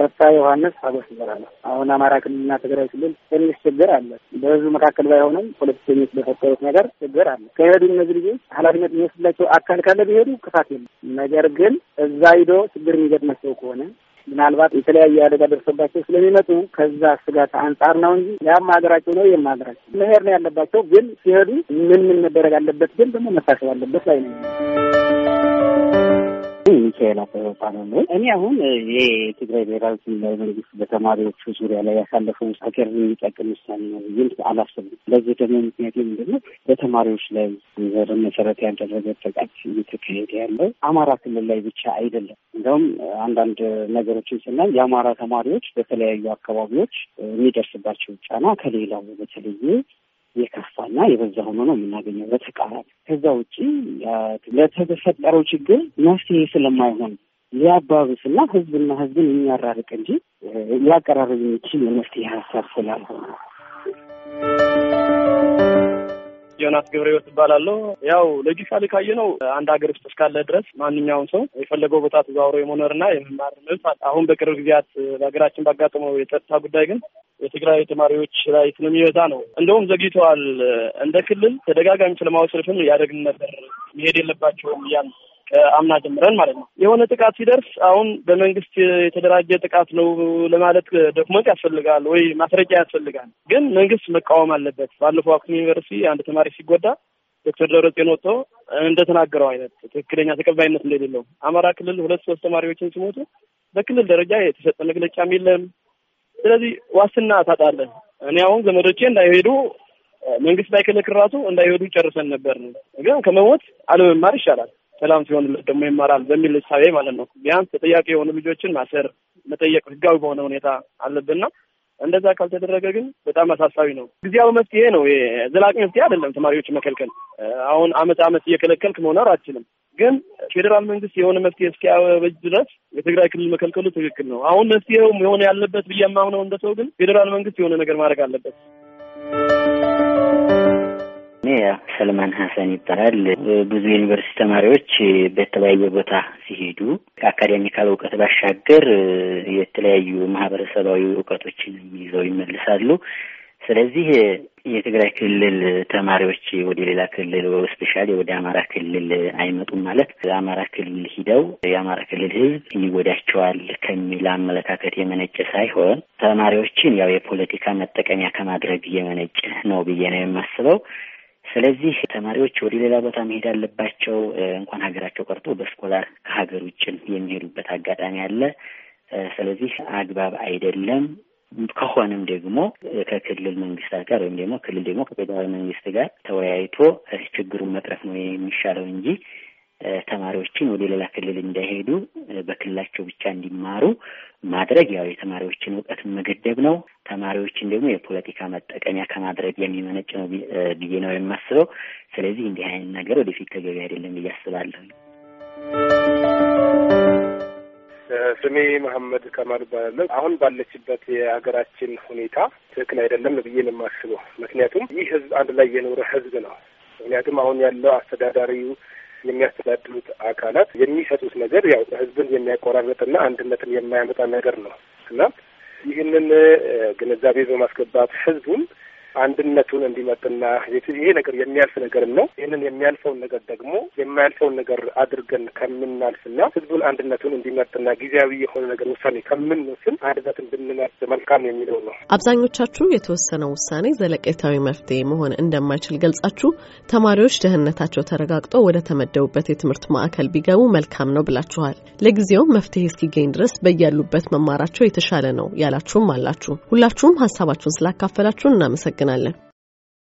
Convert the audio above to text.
ረታ ዮሐንስ ሀጎስ ይባላለሁ። አሁን አማራ ክልልና ትግራይ ክልል ትንሽ ችግር አለ። በህዝቡ መካከል ባይሆንም ፖለቲከኞች በፈጠሩት ነገር ችግር አለ። ከሄዱ እነዚህ ልጆች ኃላፊነት የሚወስድላቸው አካል ካለ ቢሄዱ ክፋት የለም። ነገር ግን እዛ ሂዶ ችግር የሚገጥማቸው ከሆነ ምናልባት የተለያየ አደጋ ደርሶባቸው ስለሚመጡ ከዛ ስጋት አንጻር ነው እንጂ ያም ሀገራቸው ነው የም ሀገራቸው መሄድ ነው ያለባቸው። ግን ሲሄዱ ምን ምን መደረግ አለበት ግን ደግሞ መታሰብ አለበት ላይ ነው ሚካኤል አበበ ነው። እኔ አሁን የትግራይ ብሔራዊ ክልላዊ መንግስት በተማሪዎቹ ዙሪያ ላይ ያሳለፈው ሀገር የሚጠቅም ውሳኔ ነው ብዬም አላስብም። ለዚህ ደግሞ ምክንያት ምንድን ነው? በተማሪዎች ላይ ዘር መሰረት ያደረገ ጥቃት እየተካሄደ ያለው አማራ ክልል ላይ ብቻ አይደለም። እንዲሁም አንዳንድ ነገሮችን ስናይ የአማራ ተማሪዎች በተለያዩ አካባቢዎች የሚደርስባቸው ጫና ከሌላው በተለየ የከፋና የበዛ ሆኖ ነው የምናገኘው። በተቃራኒ ከዛ ውጭ ለተፈጠረው ችግር መፍትሄ ስለማይሆን ሊያባብስና ህዝብና ህዝብን የሚያራርቅ እንጂ ሊያቀራርብ የሚችል የመፍትሄ ሀሳብ ስላልሆነ ዮናስ ገብረህይወት እባላለሁ። ያው ሎጂካሊ ካየ ነው አንድ ሀገር ውስጥ እስካለ ድረስ ማንኛውም ሰው የፈለገው ቦታ ተዘዋውሮ የመኖርና የመማር መብት አሁን በቅርብ ጊዜያት በሀገራችን ባጋጠመው የጸጥታ ጉዳይ ግን የትግራይ ተማሪዎች ላይ ስለሚበዛ ነው። እንደውም ዘግይተዋል። እንደ ክልል ተደጋጋሚ ስለማወስረፍም ያደግን ነበር መሄድ የለባቸውም እያን ከአምና ጀምረን ማለት ነው። የሆነ ጥቃት ሲደርስ አሁን በመንግስት የተደራጀ ጥቃት ነው ለማለት ዶክመንት ያስፈልጋል ወይ ማስረጃ ያስፈልጋል። ግን መንግስት መቃወም አለበት። ባለፈው አክሱም ዩኒቨርሲቲ አንድ ተማሪ ሲጎዳ ዶክተር ደብረጽዮን ወጥቶ እንደተናገረው አይነት ትክክለኛ ተቀባይነት እንደሌለው አማራ ክልል ሁለት ሶስት ተማሪዎችን ሲሞቱ በክልል ደረጃ የተሰጠ መግለጫም የለም። ስለዚህ ዋስትና ታጣለን። እኔ አሁን ዘመዶቼ እንዳይሄዱ መንግስት ላይ ራሱ እንዳይሄዱ ጨርሰን ነበር። ግን ከመሞት አለመማር ይሻላል። ሰላም ሲሆንለት ደግሞ ይማራል በሚል እሳቤ ማለት ነው። ቢያንስ ተጠያቂ የሆኑ ልጆችን ማሰር፣ መጠየቅ ህጋዊ በሆነ ሁኔታ አለብና እንደዛ ካልተደረገ ግን በጣም አሳሳቢ ነው። ጊዜያዊ መፍትሄ ነው፣ ዘላቂ መፍትሄ አይደለም። ተማሪዎች መከልከል አሁን አመት አመት እየከለከልክ መሆን አችልም። ግን ፌዴራል መንግስት የሆነ መፍትሄ እስኪያበጅ ድረስ የትግራይ ክልል መከልከሉ ትክክል ነው። አሁን መፍትሄው የሆነ ያለበት ብዬ የማምነው እንደ ሰው ግን ፌዴራል መንግስት የሆነ ነገር ማድረግ አለበት። እኔ ሰልማን ሀሰን ይባላል። ብዙ ዩኒቨርሲቲ ተማሪዎች በተለያየ ቦታ ሲሄዱ ከአካዴሚካል እውቀት ባሻገር የተለያዩ ማህበረሰባዊ እውቀቶችን ይዘው ይመልሳሉ። ስለዚህ የትግራይ ክልል ተማሪዎች ወደ ሌላ ክልል ስፔሻሊ ወደ አማራ ክልል አይመጡም ማለት አማራ ክልል ሂደው የአማራ ክልል ሕዝብ ይወዳቸዋል ከሚል አመለካከት የመነጨ ሳይሆን ተማሪዎችን ያው የፖለቲካ መጠቀሚያ ከማድረግ የመነጨ ነው ብዬ ነው የማስበው። ስለዚህ ተማሪዎች ወደ ሌላ ቦታ መሄድ አለባቸው። እንኳን ሀገራቸው ቀርቶ በስኮላር ከሀገር ውጭን የሚሄዱበት አጋጣሚ አለ። ስለዚህ አግባብ አይደለም። ከሆንም ደግሞ ከክልል መንግስታት ጋር ወይም ደግሞ ክልል ደግሞ ከፌደራል መንግስት ጋር ተወያይቶ ችግሩን መቅረፍ ነው የሚሻለው እንጂ ተማሪዎችን ወደ ሌላ ክልል እንዳይሄዱ በክልላቸው ብቻ እንዲማሩ ማድረግ ያው የተማሪዎችን እውቀት መገደብ ነው። ተማሪዎችን ደግሞ የፖለቲካ መጠቀሚያ ከማድረግ የሚመነጭ ነው ብዬ ነው የማስበው። ስለዚህ እንዲህ አይነት ነገር ወደፊት ተገቢ አይደለም ብዬ አስባለሁ። ስሜ መሐመድ ከማል እባላለሁ። አሁን ባለችበት የሀገራችን ሁኔታ ትክክል አይደለም ብዬ ነው የማስበው። ምክንያቱም ይህ ህዝብ አንድ ላይ የኖረ ህዝብ ነው። ምክንያቱም አሁን ያለው አስተዳዳሪው የሚያስተዳድሩት አካላት የሚሰጡት ነገር ያው ህዝብን የሚያቆራረጥና አንድነትን የማያመጣ ነገር ነው እና ይህንን ግንዛቤ በማስገባት ህዝቡን አንድነቱን እንዲመጥና ይሄ ነገር የሚያልፍ ነገርም ነው። ይህንን የሚያልፈውን ነገር ደግሞ የማያልፈውን ነገር አድርገን ከምናልፍና ህዝቡን አንድነቱን እንዲመጥና ጊዜያዊ የሆነ ነገር ውሳኔ ከምንወስን አንድነትን ብንመርጥ መልካም የሚለው ነው። አብዛኞቻችሁ የተወሰነው ውሳኔ ዘለቄታዊ መፍትሄ መሆን እንደማይችል ገልጻችሁ ተማሪዎች ደህንነታቸው ተረጋግጦ ወደ ተመደቡበት የትምህርት ማዕከል ቢገቡ መልካም ነው ብላችኋል። ለጊዜውም መፍትሄ እስኪገኝ ድረስ በያሉበት መማራቸው የተሻለ ነው ያላችሁም አላችሁ። ሁላችሁም ሀሳባችሁን ስላካፈላችሁ እናመሰግናል። እናመሰግናለን።